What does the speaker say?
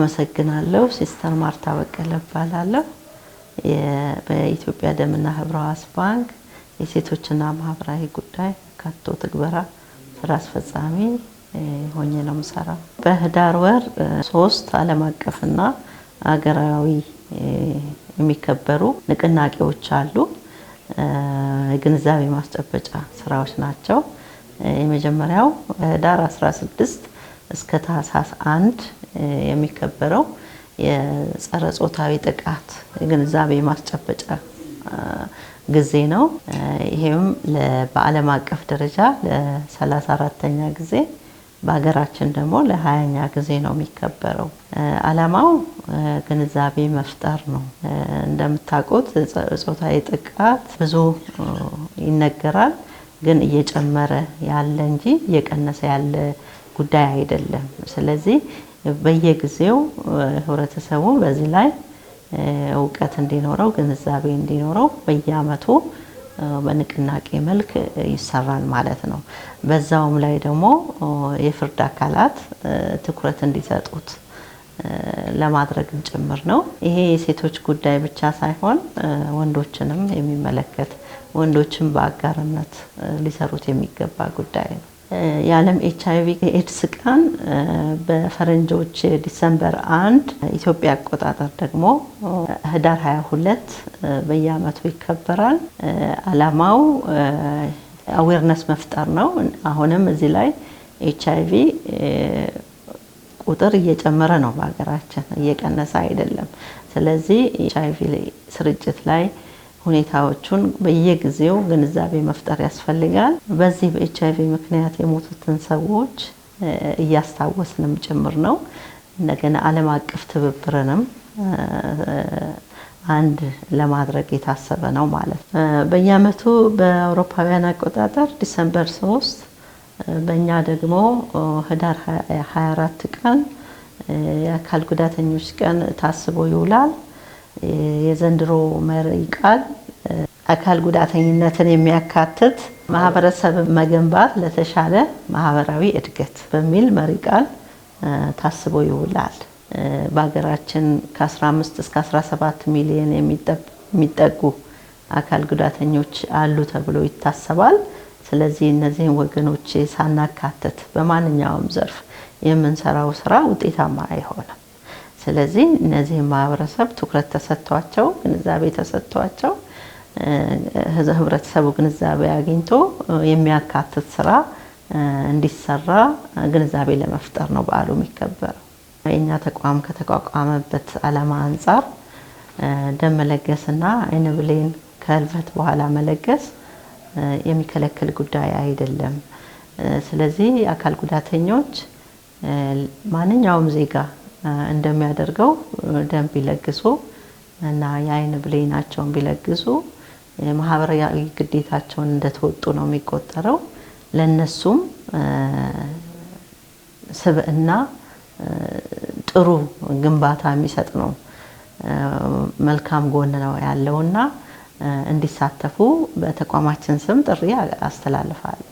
አመሰግናለሁ። ሲስተር ማርታ በቀለ እባላለሁ። በኢትዮጵያ ደምና ህብረ ባንክ የሴቶችና ማህበራዊ ጉዳይ ካቶ ትግበራ ስራ አስፈጻሚ ሆኜ ነው የምሰራው። በህዳር ወር ሶስት አለም አቀፍና አገራዊ የሚከበሩ ንቅናቄዎች አሉ። የግንዛቤ ማስጨበጫ ስራዎች ናቸው። የመጀመሪያው ህዳር 16 እስከ ታህሳስ አንድ የሚከበረው የጸረ ጾታዊ ጥቃት ግንዛቤ ማስጨበጫ ጊዜ ነው። ይሄም በዓለም አቀፍ ደረጃ ለሰላሳ ተኛ ጊዜ በሀገራችን ደግሞ ለሀያኛ ጊዜ ነው የሚከበረው። ዓላማው ግንዛቤ መፍጠር ነው። እንደምታውቁት ጾታዊ ጥቃት ብዙ ይነገራል፣ ግን እየጨመረ ያለ እንጂ እየቀነሰ ያለ ጉዳይ አይደለም። ስለዚህ በየጊዜው ህብረተሰቡ በዚህ ላይ እውቀት እንዲኖረው ግንዛቤ እንዲኖረው በየአመቱ በንቅናቄ መልክ ይሰራል ማለት ነው። በዛውም ላይ ደግሞ የፍርድ አካላት ትኩረት እንዲሰጡት ለማድረግም ጭምር ነው። ይሄ የሴቶች ጉዳይ ብቻ ሳይሆን ወንዶችንም የሚመለከት ወንዶችን በአጋርነት ሊሰሩት የሚገባ ጉዳይ ነው። የዓለም ኤች አይ ቪ ኤድስ ቀን በፈረንጆች ዲሰምበር አንድ ኢትዮጵያ አቆጣጠር ደግሞ ህዳር 22 በየአመቱ ይከበራል። አላማው አዌርነስ መፍጠር ነው። አሁንም እዚህ ላይ ኤች አይ ቪ ቁጥር እየጨመረ ነው በሀገራችን፣ እየቀነሰ አይደለም። ስለዚህ ኤች አይ ቪ ስርጭት ላይ ሁኔታዎቹን በየጊዜው ግንዛቤ መፍጠር ያስፈልጋል። በዚህ በኤች አይቪ ምክንያት የሞቱትን ሰዎች እያስታወስንም ጭምር ነው። እንደገና ዓለም አቀፍ ትብብርንም አንድ ለማድረግ የታሰበ ነው ማለት ነው። በየዓመቱ በአውሮፓውያን አቆጣጠር ዲሰምበር 3 በእኛ ደግሞ ህዳር 24 ቀን የአካል ጉዳተኞች ቀን ታስቦ ይውላል። የዘንድሮ መሪ ቃል አካል ጉዳተኝነትን የሚያካትት ማህበረሰብ መገንባት ለተሻለ ማህበራዊ እድገት በሚል መሪ ቃል ታስቦ ይውላል። በሀገራችን ከ15 እስከ 17 ሚሊዮን የሚጠጉ አካል ጉዳተኞች አሉ ተብሎ ይታሰባል። ስለዚህ እነዚህን ወገኖች ሳናካትት በማንኛውም ዘርፍ የምንሰራው ስራ ውጤታማ አይሆንም። ስለዚህ እነዚህ ማህበረሰብ ትኩረት ተሰጥቷቸው ግንዛቤ ተሰጥቷቸው ህብረተሰቡ ግንዛቤ አግኝቶ የሚያካትት ስራ እንዲሰራ ግንዛቤ ለመፍጠር ነው በዓሉ የሚከበረው። የእኛ ተቋም ከተቋቋመበት ዓላማ አንጻር ደም መለገስና አይን ብሌን ከህልፈት በኋላ መለገስ የሚከለክል ጉዳይ አይደለም። ስለዚህ አካል ጉዳተኞች ማንኛውም ዜጋ እንደሚያደርገው ደም ቢለግሱ እና የአይን ብሌናቸውን ቢለግሱ ማህበራዊ ግዴታቸውን እንደተወጡ ነው የሚቆጠረው። ለነሱም ስብዕና ጥሩ ግንባታ የሚሰጥ ነው፣ መልካም ጎን ነው ያለውና እንዲሳተፉ በተቋማችን ስም ጥሪ አስተላልፋለሁ።